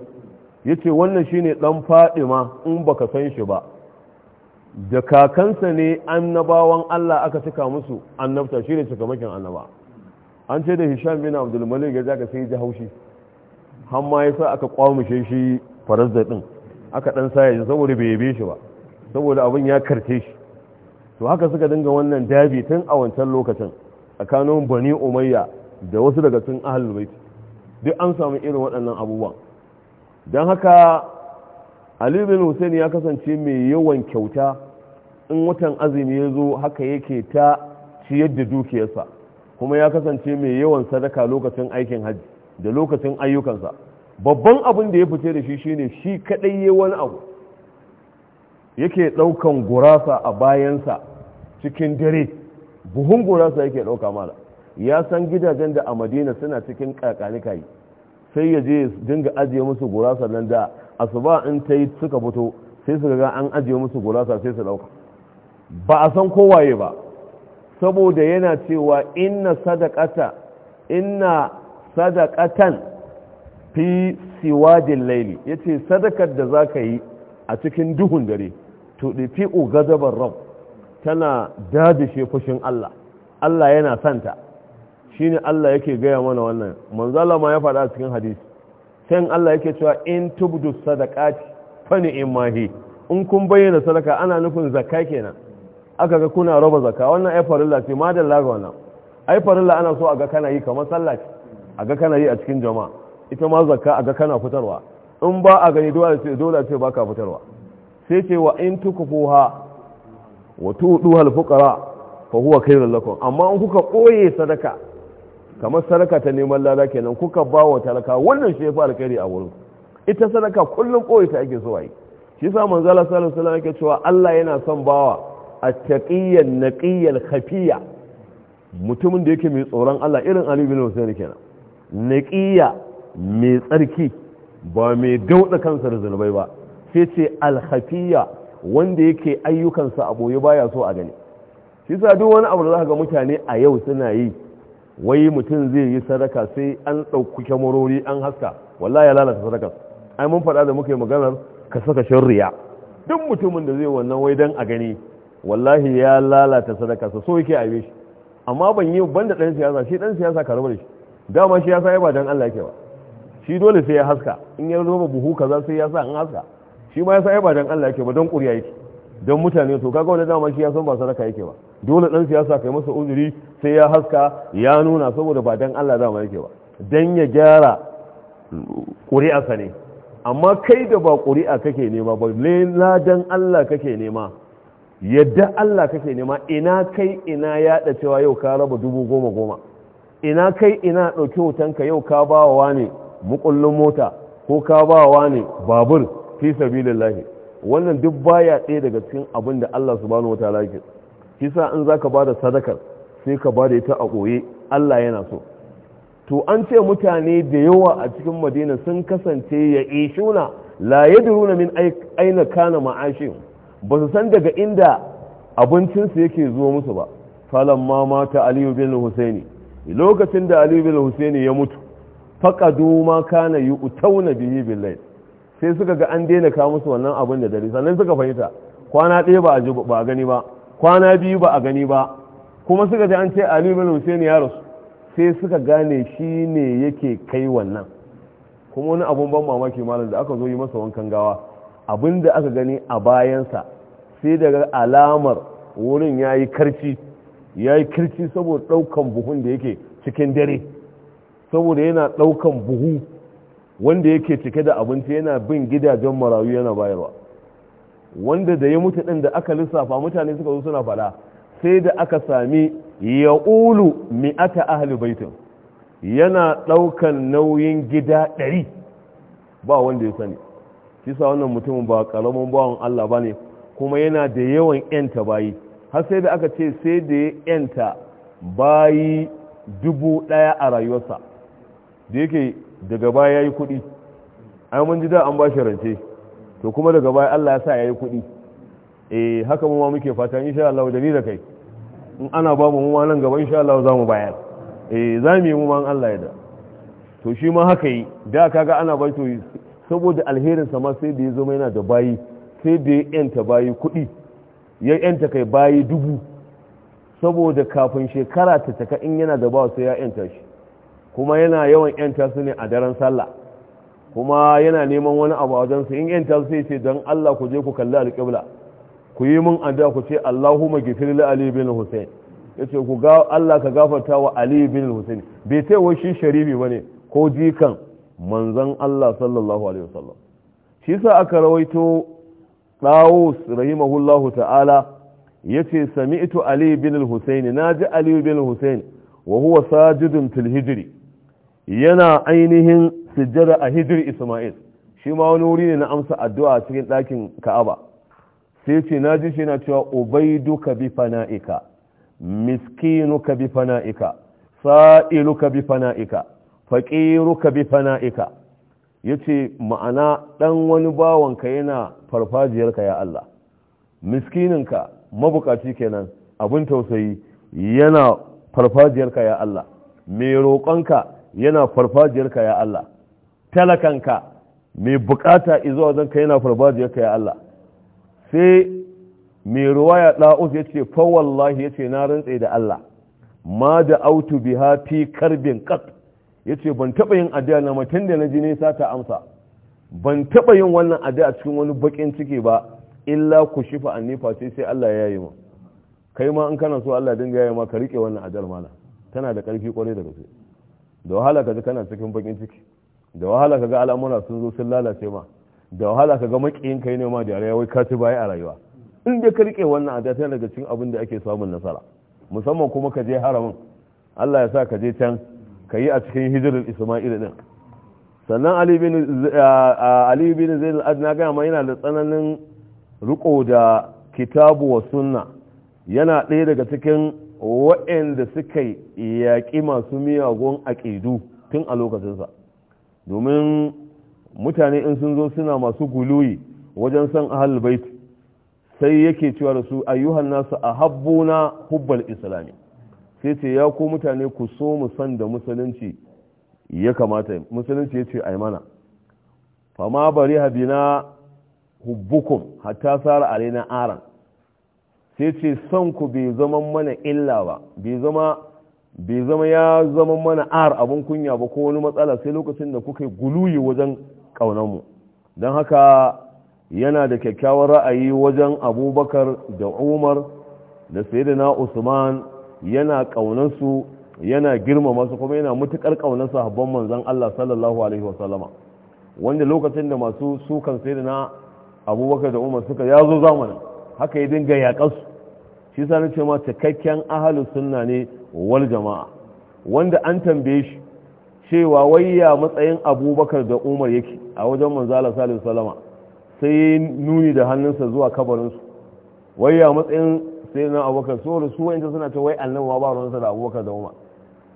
yace wannan shine ɗan ma in baka san shi ba da kakansa ne annabawan Allah aka cika musu annabta shine cikamakin annaba an ce da Hisham bin abdulmalik Malik ya zaka sai ya haushi hamma ya sa aka kwamushe shi da din aka dan sa yaji saboda bai yabe shi ba saboda abin ya karce shi to haka suka dinga wannan dabi tun a wancan lokacin tsakanin bani umayya da wasu daga cikin ahlul bait duk an samu irin waɗannan abubuwan dan haka ali bin hussein ya kasance mai yawan kyauta in watan azumi ya zo haka yake ta ciyar da dukiyarsa kuma ya kasance mai yawan sadaka lokacin aikin hajji da lokacin ayyukansa babban abin da ya fice da shi shine shi kadai ya wani abu yake daukan gurasa a bayansa cikin dare buhun gurasa yake dauka mala ya san gidajen da a madina suna cikin kakanikai sai ya je dinga ajiye musu gurasa nan da asuba in ta yi suka fito sai su ga an ajiye musu gurasa sai su dauka ba a san kowaye ba saboda yana cewa inna sadakata inna sadaqatan fi laili ya ce sadakar da za ka yi a cikin duhun dare to da fi ugazabar rabb tana dadishe fushin Allah Allah yana santa shine Allah yake gaya mana wannan manzala ma ya faɗa cikin hadisi sai Allah yake cewa in tubdu sadaqati fa ni'mahi in kun bayyana sadaka ana nufin zakka kenan aka ga kuna raba zakka wannan ai farilla ce ma da wannan ai farilla ana so a ga kana yi kamar sallah ce a ga kana yi a cikin jama'a ita ma zakka a ga kana fitarwa in ba a gani dole ce dole ce baka fitarwa sai ce wa in tukufuha wa tuduha al fa huwa khairul lakum amma in kuka koye sadaka kamar sadaka ta neman lada kenan kuka ba wa talaka wannan shi ya fi alkhairi a wurin ita sadaka kullum koye ta ake so yi shi sa manzo Allah sallallahu alaihi wasallam yake cewa Allah yana son bawa at-taqiyyan naqiyyan khafiya mutumin da yake mai tsoron Allah irin Ali bin Husayn kenan naƙiya mai tsarki ba mai dauɗa kansa da zunubai ba sai ce alhafiya wanda yake ayyukansa a ɓoye baya so a gani shi sa duk wani abu da za ga mutane a yau suna yi wai mutum zai yi sadaka sai an ɗauki kyamarori an haska wallahi ya lalata sadaka. ai mun faɗa da muka yi maganar ka saka shirriya duk mutumin da zai wannan wai dan a gani wallahi ya lalata sadaka so yake aibe shi amma ban yi ban da ɗan siyasa shi ɗan siyasa karɓar shi dama shi ya sa ba dan Allah yake ba shi dole sai ya haska in ya zama buhu kaza sai ya sa an haska shi ma ya sa ba dan Allah yake ba don ƙuriya yake don mutane to kaga wani dama shi ya san ba sadaka yake ba dole dan siyasa kai masa uzuri sai ya haska ya nuna saboda ba dan Allah dama yake ba don ya gyara ƙuri'arsa ne amma kai da ba ƙuri'a kake nema ba dan Allah kake nema yadda Allah kake nema ina kai ina yaɗa cewa yau ka raba dubu goma goma ina kai ina ɗauki hotonka yau ka ba wa ne mukullin mota ko ka ba wa ne babur fi lallahi wannan duk baya ɗaya daga cikin abin da Allah subhanahu wata yake shi sa in ba da sadakar sai ka ba da ita a ɓoye? Allah yana so to an ce mutane da yawa a cikin Madina sun kasance ya na, la yadruna min aina kana ma'ashin ba su san daga inda abincinsu yake zuwa musu ba falon mata aliyu bin husaini lokacin da ali bin husaini ya mutu faqadu ma kana yu'tauna bihi bil layl sai suka ga an daina ka musu wannan abin da dare sannan suka fahimta kwana ɗaya ba a gani ba kwana biyu ba a gani ba kuma suka ji an ce ali bin husaini ya rasu sai suka gane shi ne yake kai wannan kuma wani abun ban mamaki malam da aka zo yi masa wankan gawa abin da aka gani a bayansa sai daga alamar wurin ya yi karci ya yi kirci saboda ɗaukan buhun da yake cikin dare saboda yana ɗaukan buhu wanda yake cike da abinci yana bin gidajen marayu yana bayarwa wanda da ya mutu ɗin da aka lissafa mutane suka zo suna faɗa sai da aka sami ya ulu mi'ata ahli baitin yana ɗaukan nauyin gida ɗari ba wanda ya sani Kisa wannan mutumin ba ƙaramin bawan Allah ba ne kuma yana da yawan 'yanta bayi har sai da aka ce sai da ya yanta bayi dubu ɗaya a rayuwarsa da yake daga baya ya yi kuɗi ai mun ji da an ba shi rance to kuma daga baya Allah ya sa ya yi kuɗi eh haka mu ma muke fata insha Allah da ni da kai in ana ba mu ma nan gaba insha Allah za mu bayar eh za mu yi mu ma Allah ya da to shi ma haka yi da kaga ana ba to saboda alherin sa ma sai da ya zama yana da bayi sai da ya yanta bayi kuɗi ya yanta kai bayi dubu saboda kafin shekara ta taka in yana da bawa sai ya yanta shi kuma yana yawan yanta su ne a daren sallah kuma yana neman wani abu a wajensu in yanta su sai ce don Allah ku je ku kalli alƙibla ku yi min addu'a ku ce allahu ma ghfir li Ali bin Hussein yace ku ga Allah ka gafarta wa Ali bin Hussein bai ce wai shi sharibi ba ne ko jikan manzon Allah sallallahu alaihi wasallam shi sa aka rawaito rahima Hullahu ta'ala yace sami'tu ali bin al-husayn naji ali bin al-husayn wa huwa sajidun fil hijri yana ainihin sujjada a hijri isma'il shi ma wani wuri ne na amsa addu'a cikin ɗakin ka'aba sai ce ji shi na cewa ubaiduka bi fana'ika miskinuka bi fana'ika sa'iluka bi fana'ika faqiruka bi fana'ika ya ce ma'ana ɗan wani bawanka yana farfajiyarka ya Allah miskininka mabukaci kenan abin tausayi yana farfajiyarka ya Allah mai roƙonka yana farfajiyarka ya Allah talakanka mai bukata izuwa ka yana farfajiyarka ya Allah sai mai ruwaya ɗa'us ya ce fawallahi ya ce na rantse da Allah ma da autu biha fi karbin kat ya ce ban taɓa yin addu'a na matan da na ji nesa ta amsa ban taɓa yin wannan addu'a cikin wani bakin ciki ba illa ku shifa an nifa sai sai Allah ya yi ma kai ma in kana so Allah dinga yayi ma ka rike wannan addu'ar mala tana da ƙarfi kwarai da gaske da wahala ka ji kana cikin bakin ciki da wahala ka ga al'amura sun zo sun lalace ma da wahala ka ga kai ne ma da yara wai ka ci baya a rayuwa in dai ka rike wannan addu'a tana daga cikin abin da ake samun nasara musamman kuma ka je haramin Allah ya sa ka je can ka yi a cikin hijirar isma'il din sannan ali bin zai al-adna gaya yana da tsananin riko da kitabu wa sunna yana ɗaya daga cikin waɗanda suka yaƙi masu miyagun aƙidu tun a lokacinsa domin mutane in sun zo suna masu guluyi wajen san ahalbait sai yake cewa da su ayyuhan nasu a habbuna hubbal islami sai ce ya ku mutane ku so mu san da musulunci ya kamata musulunci ya ce ai mana fama bari habina hubbukum hatta sara alaina aran sai ce son ku bai zama mana illa ba bai zama ya zama mana ar abin kunya ba ko wani matsala sai lokacin da kuka guluyi wajen mu don haka yana da kyakkyawar ra'ayi wajen abubakar da umar da sayyidina usman yana ƙaunarsu yana girmama su kuma yana mutukar ƙaunar sahabban manzan Allah sallallahu alaihi wasallama wanda lokacin da masu sukan sai na abubakar da umar suka ya zo zamanin haka ya dinga yaƙansu shi sa na ce ma cikakken ahalu sunna ne wal jama'a wanda an tambaye shi cewa wai ya matsayin abubakar da umar yake a wajen manzala salisu salama sai nuni da hannunsa zuwa kabarinsu ya matsayin sai na abubakar tsoro su wa'inta suna ta wai annan wa ba ruwansa da abubakar da umar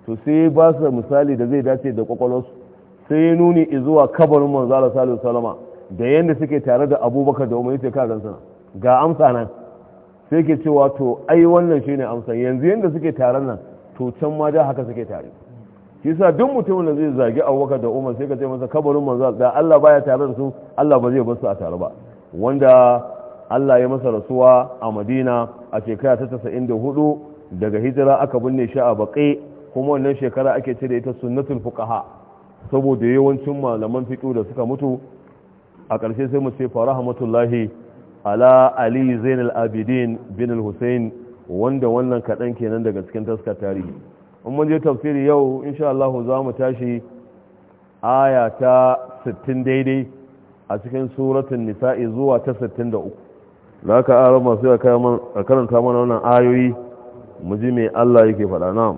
to sai ba su misali da zai dace da kwakwalwarsu sai ya nuni zuwa kabarin manzo salu salama da yadda suke tare da abubakar da umar yace ka gan sana ga amsa nan sai ke cewa to ai wannan shine amsa yanzu yadda suke tare nan to can ma da haka suke tare shi sa duk mutumin da zai zagi abubakar da umar sai ka ce masa kabarin manzo da Allah baya tare da su Allah ba zai bar su a tare ba wanda Allah ya masa rasuwa a Madina a shekara ta 94 daga hijira aka binne shi a baƙi kuma wannan shekara ake cire ta sunnatul fuqaha saboda yawancin malaman fiqh da suka mutu a ƙarshe sai mu ce fa rahmatullahi ala ali zainal abidin bin al husain wanda wannan kaɗan kenan daga cikin taskar tarihi in mun je tafsiri yau insha Allah za mu tashi aya ta 60 daidai a cikin suratul nisa'i zuwa ta 63 da aka ara masu ya karanta mana wannan ayoyi mu ji me Allah yake faɗa na'am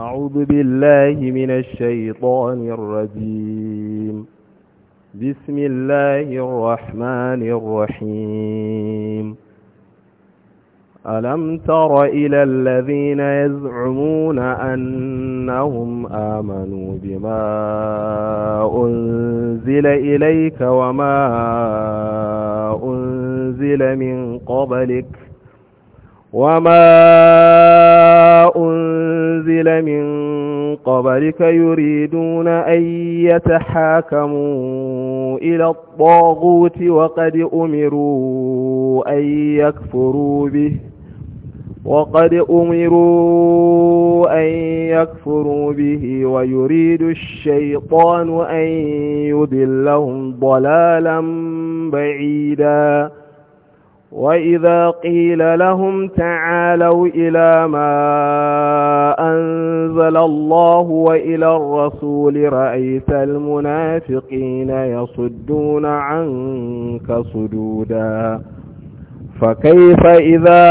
أعوذ بالله من الشيطان الرجيم بسم الله الرحمن الرحيم ألم تر إلى الذين يزعمون أنهم آمنوا بما أنزل إليك وما أنزل من قبلك وما أنزل أنزل من قبلك يريدون أن يتحاكموا إلى الطاغوت وقد أمروا أن يكفروا به وقد أمروا أن يكفروا به ويريد الشيطان أن يضلهم ضلالا بعيدا وإذا قيل لهم تعالوا إلى ما أنزل الله وإلى الرسول رأيت المنافقين يصدون عنك صدودا فكيف إذا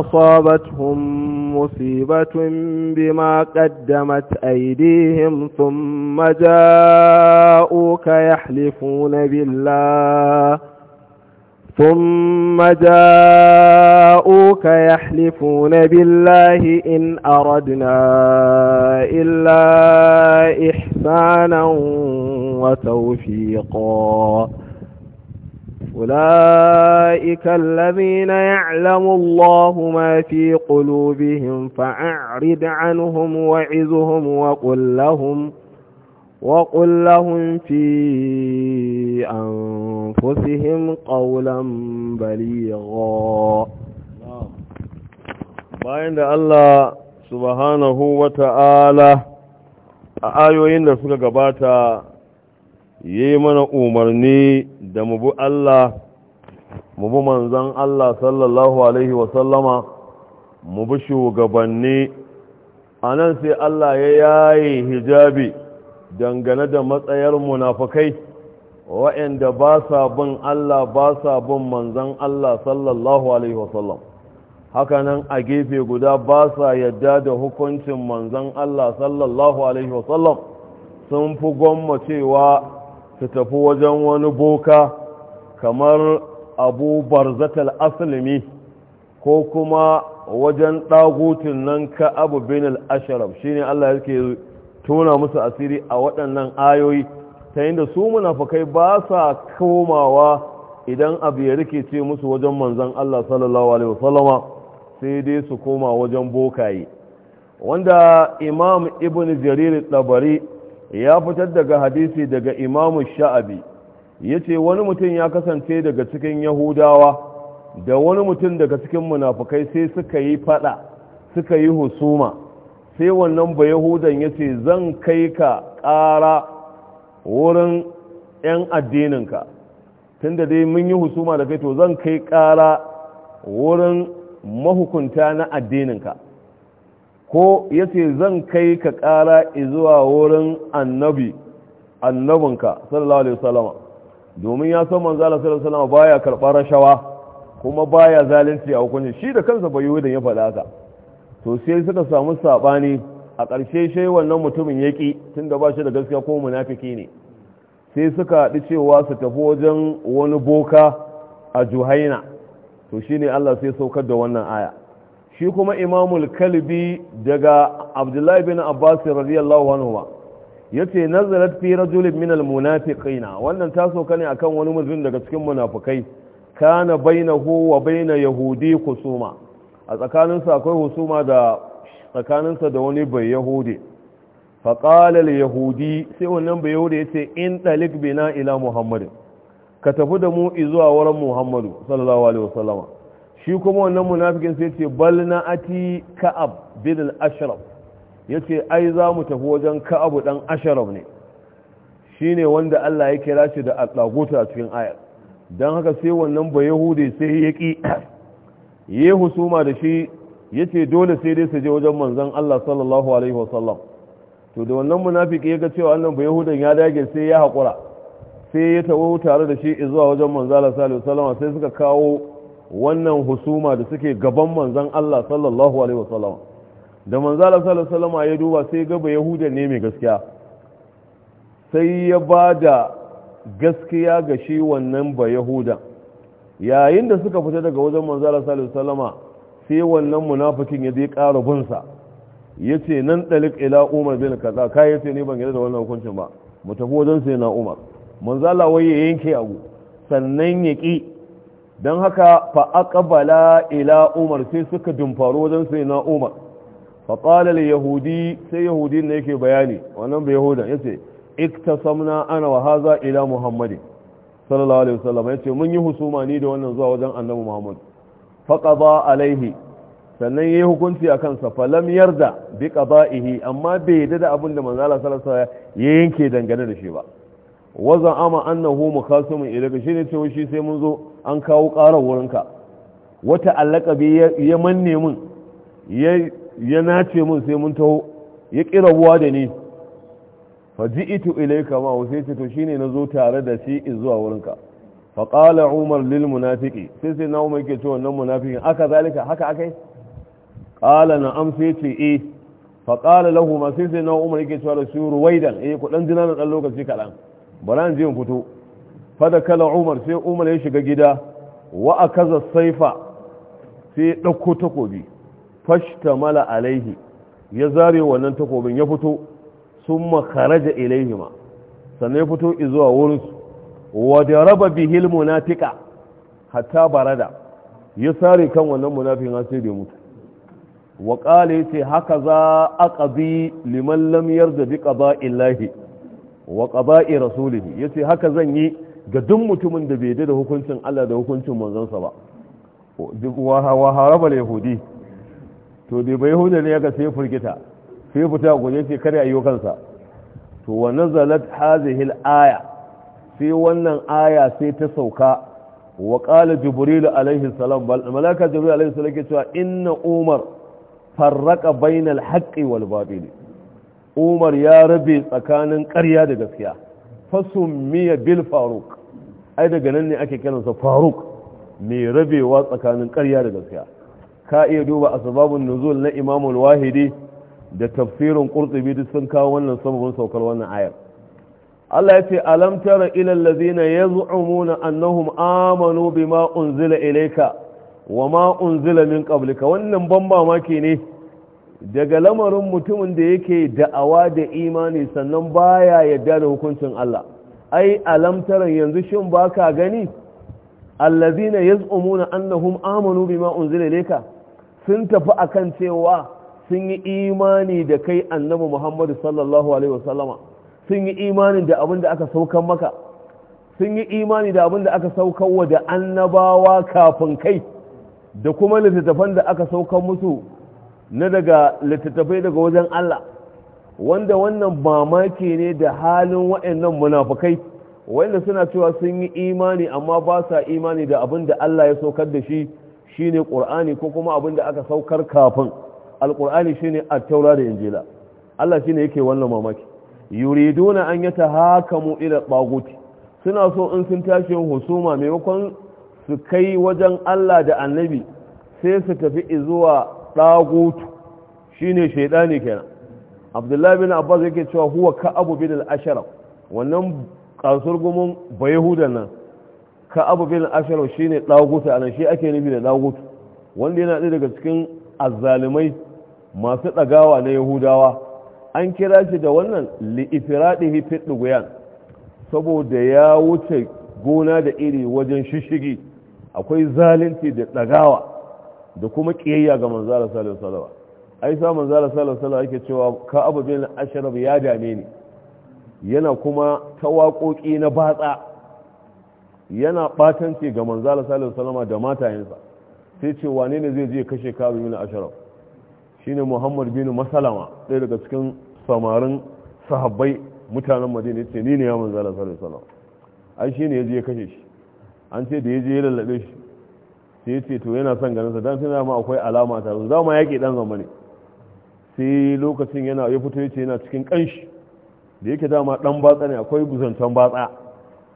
أصابتهم مصيبة بما قدمت أيديهم ثم جاءوك يحلفون بالله ثم جاءوك يحلفون بالله إن أردنا إلا إحسانا وتوفيقا أولئك الذين يعلم الله ما في قلوبهم فأعرض عنهم وعزهم وقل لهم وقل لهم في أنفسهم أنفسهم قولا بليغا bayan da Allah subhanahu wa ta'ala a ayoyin da suka gabata ya yi mana umarni da mubu Allah mubu manzan Allah sallallahu Alaihi wasallama mubu shugabanni a nan sai Allah ya yaye hijabi dangane da matsayar munafakai wa'anda ba sa bin Allah ba sa bin manzan Allah sallallahu alaihi wasallam hakanan a gefe guda ba sa yadda da hukuncin manzan Allah sallallahu alaihi wasallam sun fi gwamma cewa su tafi wajen wani boka kamar abu barzatal asalimi ko kuma wajen ɗagutun nan ka abu bin shi ne Allah yake tuna musu asiri a waɗannan ayoyi ta da su munafakai ba sa komawa idan abu ya rikice musu wajen manzan Allah sallallahu alaihi wasallama sai dai su koma wajen bokaye wanda imam ibn jarir dabari ya fitar daga hadisi daga imam sha'abi ya ce wani mutum ya kasance daga cikin yahudawa da wani mutum daga cikin munafakai sai suka yi fada suka yi husuma sai wannan ba yahudan ce zan kai ka ƙara wurin 'yan addininka tun da dai mun yi husuma da kai to zan kai ƙara wurin mahukunta na addininka ko ya ce zan kai ka ƙara zuwa wurin annabi annabinka sallallahu alaihi wasallama domin ya san manzala sallallahu alaihi wasallama baya karɓar rashawa kuma baya zalunci a hukunci shi da kansa bai yi ya faɗa haka to sai suka samu saɓani. a ƙarshe shai wannan mutumin ya ƙi tun da ba shi da gaskiya ko munafiki ne sai suka haɗu cewa su tafi wajen wani boka a juhaina to shi ne Allah sai saukar da wannan aya shi kuma imamul kalbi daga abdullahi bin abbas radiyallahu anhu yace nazarat fi rajulin min almunafiqina wannan ta sauka ne akan wani mutum daga cikin munafikai kana bainahu wa baina yahudi kusuma a tsakanin akwai husuma da tsakaninsa da wani bai yahudi faƙalar yahudi sai wannan bai yahudi ya ce in ɗalik bina ila muhammadin ka tafi da mu zuwa wurin muhammadu sallallahu alaihi wasallama shi kuma wannan munafikin sai ce bal na ati ka'ab bin al-ashraf yace ai za mu tafi wajen ka'abu dan ashraf ne shine wanda Allah ya kira shi da al-daguta a cikin ayar dan haka sai wannan bai yahudi sai ya yi husuma da shi yace dole sai dai su je wajen manzan Allah sallallahu alaihi wasallam to da wannan munafiki ya ga cewa annan ba yahudan ya dage sai ya haƙura sai ya tawo tare da shi zuwa wajen manzan Allah sallallahu alaihi wasallam sai suka kawo wannan husuma da suke gaban manzan Allah sallallahu alaihi wasallam da manzan Allah sallallahu alaihi wasallam ya duba sai ga ba yahudan ne mai gaskiya sai ya ba da gaskiya ga shi wannan ba yahudan yayin da suka fita daga wajen manzon Allah sallallahu alaihi wasallam sai wannan munafikin ya je ƙara bunsa ya ce nan ɗalik ila umar bin kaza ka ya ce ne ban gida da wannan hukuncin ba mu tafi wajen sai na umar manzala wai ya yanke abu sannan ya ƙi don haka fa aqbala ila umar sai suka dumfaro wajen sai na umar fa qala yahudi sai yahudi ne yake bayani wannan bai yahuda yace iktasamna ana wa haza ila muhammadin sallallahu alaihi wasallam ce mun yi husuma ni da wannan zuwa wajen annabi Muhammadu. faqada alaihi sannan yayi hukunci a kansa falam yarda bi qada'ihi amma bai yarda da abin da manzala sallallahu alaihi ya yanke dangane da shi ba waza ama annahu mukhasimun ilaka shine cewa shi sai mun zo an kawo ƙarar wurinka wata allaka bi ya manne mun ya nace mun sai mun taho ya kira buwa da ni fa ji'itu ilayka ma wasai to shine nazo tare da shi zuwa wurinka fa qala umar lil munafiqi sai sai na umar yake cewa wannan munafiqin aka zalika haka akai qala na am sai ce eh fa qala lahu ma sai sai na umar yake cewa da su ruwaidan eh ku dan jina dan lokaci kadan bara an je in fito fa da kala umar sai umar ya shiga gida wa akaza saifa sai ya dauko takobi fashtamala alaihi ya zare wannan takobin ya fito sun makaraja ilaihima sannan ya fito izuwa wurinsu wadda raba bihil munafika hatta barada ya sare kan wannan munafin har sai da mutu wa qala yace haka za a aqdi liman lam yarda bi qada'illahi wa qada'i rasulihi yace haka zan yi ga duk mutumin da bai da hukuncin Allah da hukuncin sa ba wa haraba yahudi to da bai yahuda ne yaga sai furgita sai fita guje ce kare ayyukansa to wannan zalat hazihi al-aya sai wannan aya sai ta sauka wa ƙala jibril alaihi salam malaka jibril alaihi salam ke cewa inna umar farraka bainal haqqi wal batil umar ya rabe tsakanin ƙarya da gaskiya fasummiya bil faruq ai daga nan ne ake kiran sa faruq mai rabewa tsakanin ƙarya da gaskiya ka iya duba asbabun nuzul na imamul wahidi da tafsirin qurtubi duk sun kawo wannan sabon saukar wannan ayar Allah ya ce alam tara ila allazina yaz'umuna annahum amanu bima unzila ilayka wama unzila min qablika wannan ban mamaki ne daga lamarin mutumin da yake da'awa da imani sannan baya yadda da hukuncin Allah ai alam tara yanzu shin baka gani allazina yaz'umuna annahum amanu bima unzila ilayka sun tafi akan cewa sun yi imani da kai annabi Muhammad sallallahu alaihi wasallama sun yi imanin da abin da aka saukan maka sun yi imani da abin da aka saukan wa da annabawa kafin kai da kuma littattafan da aka saukan musu na daga littattafai daga wajen Allah wanda wannan mamaki ne da halin waɗannan munafukai wanda suna cewa sun yi imani amma ba sa imani da abin da Allah ya saukar da shi shine Qur'ani ko kuma abin da aka saukar kafin Al-Qur'ani shine at-Taura da Injila Allah shine yake wannan mamaki yuriduna an yata hakamu ila baguti suna so in sun tashi husuma maimakon su kai wajen Allah da annabi sai su tafi zuwa dagutu shine shaidani kenan abdullahi bin abbas yake cewa huwa ka abu bin al wannan kasur gumun bayahudan nan ka abu bin al-asharaf shine a anan shi ake nufi da dagutu wanda yana ɗaya daga cikin azzalimai masu ɗagawa na yahudawa an kira shi da wannan li'ifiradihi fi duguyan saboda ya wuce gona da iri wajen shishigi akwai zalunci da dagawa da kuma kiyayya ga manzara sallallahu alaihi wasallam ai sa manzala sallallahu alaihi wasallam yake cewa ka abu bin ashrab ya dame ni yana kuma tawakoki na batsa yana batanci ga manzara sallallahu alaihi wasallam da matayensa sai ce wane ne zai je kashe ka abu bin ashrab shine muhammad bin masalama ɗaya daga cikin samarin sahabbai mutanen madina ce ni ne ya manzala sallallahu alaihi wasallam shi ne ya je ya kashe shi an ce da ya je ya lallabe shi sai ce to yana son ganin sa dan sai ma akwai alama ta za ma yake dan zama ne sai lokacin yana ya fito ya ce yana cikin kanshi da yake dama dan batsa ne akwai buzantan batsa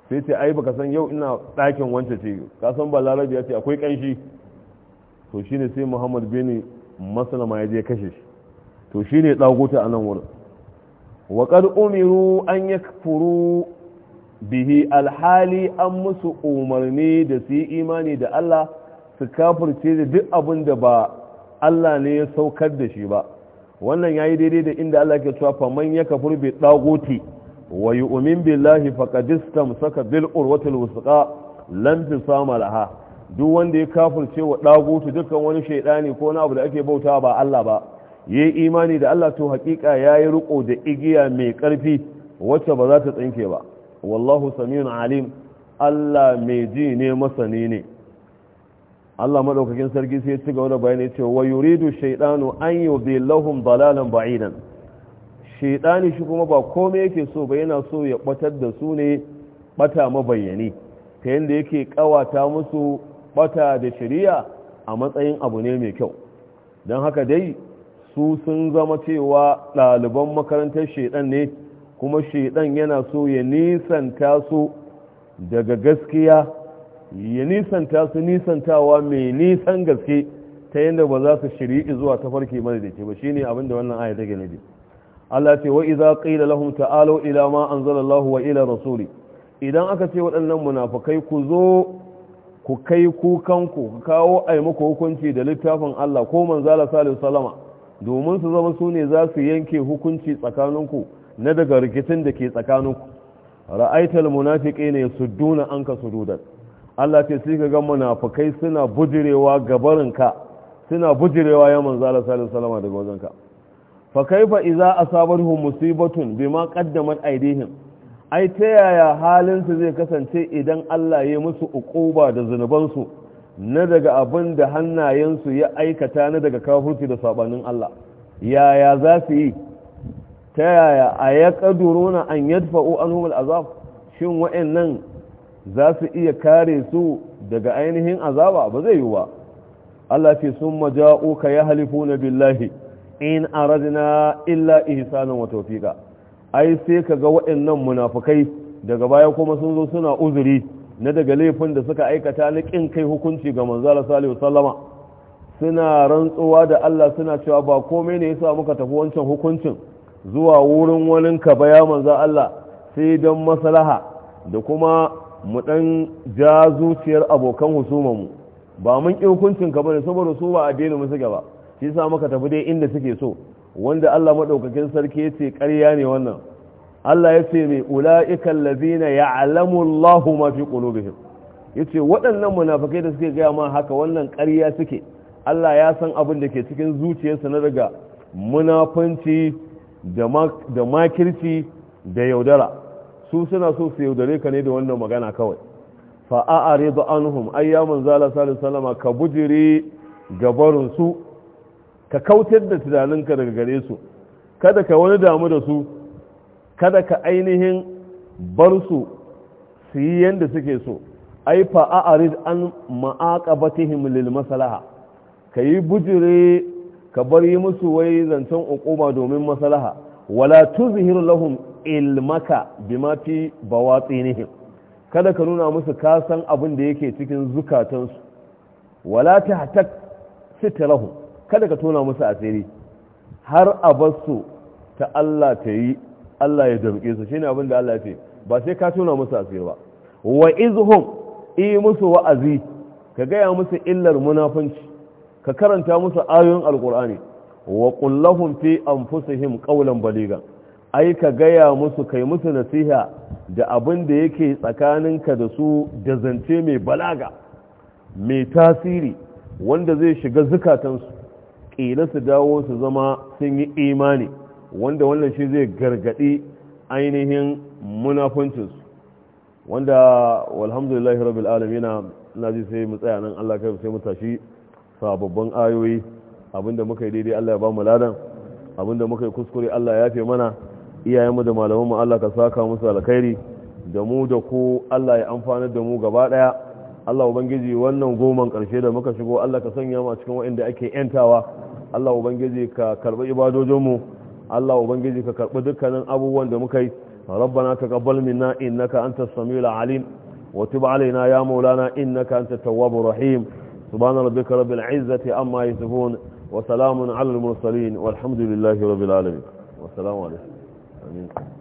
sai ce ai baka san yau ina ɗakin wance ce ka san larabi ya ce akwai kanshi to shine sai Muhammad bin masalama ya je kashe shi to shine daguta a nan wurin waƙar umiru an furu bihi alhali an musu umarni da su yi imani da Allah su kafirce da duk abin da ba Allah ne ya saukar da shi ba wannan ya yi daidai da inda Allah ke cewa man ya kafir bi daguti wa yu'min billahi faqad istamsaka bil urwatil wusqa lam tisama laha duk wanda ya kafirce wa ta dukkan wani shaidani ko na abu da ake bauta ba Allah ba ya yi imani da Allah to hakika yi riko da igiya mai ƙarfi wacce ba za ta tsinke ba wallahu samiyun alim Allah mai ji ne masani ne Allah maɗaukakin sarki sai ya ci gaba da bayani ya ce wa yuridu shaidanu an yudillahum dalalan ba'idan shaidani shi kuma ba komai yake so ba yana so ya ɓatar da su ne bata mabayani ta yadda yake ƙawata musu bata da shari'a a matsayin abu ne mai kyau don haka dai su sun zama cewa ɗaliban makarantar shaidan ne kuma shaidan yana so ya nisanta su daga gaskiya ya nisanta su nisantawa mai nisan gaske ta yadda ba za su shiri'i zuwa tafarki mana da ke ba Shi ne abinda wannan aya take nabi Allah ce wa iza qila lahum ta'alu ila ma anzala Allah wa ila rasuli idan aka ce waɗannan munafikai ku zo ku kai kukanku ku kawo a muku hukunci da littafin Allah ko manzala salisu salama domin su zama sune ne za su yanke hukunci tsakaninku na daga rikicin da ke tsakaninku ra'aital munafiki ne su duna an ka sududan Allah ce sai ka ga munafikai suna bujirewa ka suna bujirewa ya manzala salisu salama daga wajenka fa kaifa idza asabatuhum musibatun bima qaddamat aydihim ai ta yaya halinsu zai kasance idan Allah ya musu uquba da zunubansu na daga abin da hannayensu ya aikata na daga kafurci da sabanin Allah yaya za su yi ta yaya a ya na an yadfa'u anhum al'azab shin wa'annan za su iya kare su daga ainihin azaba ba zai yi ba Allah ce sun maja'uka ya na billahi in aradna illa ihsanan wa tawfiqa ai sai ka ga waɗannan munafukai daga baya kuma sun zo suna uzuri na daga laifin da suka aikata na ƙin kai hukunci ga manzala salihu sallama suna rantsuwa da Allah suna cewa ba komai ne yasa muka tafi wancan hukuncin zuwa wurin wani ka baya manza Allah sai don maslaha da kuma mu dan ja zuciyar abokan husumanmu ba mun ƙi hukuncin ka bane saboda su ba addini mu suke ba shi yasa muka tafi dai inda suke so wanda Allah maɗaukakin sarki ya ce ƙarya ne wannan Allah ya ce mai ula'ikan lazina ya alamu Allahu ma fi ƙulubihim ya ce waɗannan munafakai da suke gaya ma haka wannan ƙarya suke Allah ya san abin da ke cikin zuciyarsa na daga munafanci da makirci da yaudara su suna so su yaudare ka ne da wannan magana kawai fa fa'a'aridu anhum ayyaman zala sallallahu alaihi wasallam ka bujiri gabarun su ka kautar da tunaninka daga gare su kada ka wani damu da su kada ka ainihin bar su su yi yadda suke so ai fa a arid an ma'aqabatihim lil maslaha kayi bujire ka bar yi musu wai zancen uquba domin maslaha wala tuzhir lahum ilmaka bima fi bawatinihim kada ka nuna musu kasan san abin da yake cikin zukatansu wala tahtak sitrahum kada ka tona musu asiri har a basu ta Allah ta yi Allah ya damke su shine abin da Allah ya ce ba sai ka tona musu asiri ba wa izhum i musu wa'azi ka gaya musu illar munafunci ka karanta musu ayoyin alkur'ani wa kullahum fi anfusihim qawlan baligan ai ka gaya musu kai musu nasiha da abin da yake tsakaninka da su da zance mai balaga mai tasiri wanda zai shiga zukatansu ƙila su dawo su zama sun yi imani wanda wannan shi zai gargaɗi ainihin munafuncinsu wanda walhamdulillahi rabbil alamin na ji sai mu tsaya nan Allah kai sai mu tashi sababbin ayoyi abinda muka yi daidai Allah ya ba mu ladan abinda muka yi kuskure Allah ya yafe mana iyayen mu da malamanmu Allah ka saka musu alkhairi da mu da ku Allah ya amfana da mu gaba daya Allah ubangiji wannan goman karshe da muka shigo Allah ka sanya mu a cikin waɗanda ake yantawa Allah ubangiji ka karbi ibadojinmu Allah ubangiji ka karbi dukkanin abubuwan da muka yi rabbana taqabbal minna innaka antas samiul alim wa ba alaina ya maulana innaka antat tawwabur rahim su subhana rabbika rabbil izzati amma yasifun wa salamun alal mursalin walhamdulillahi rabbi alamin wa salamu alaykum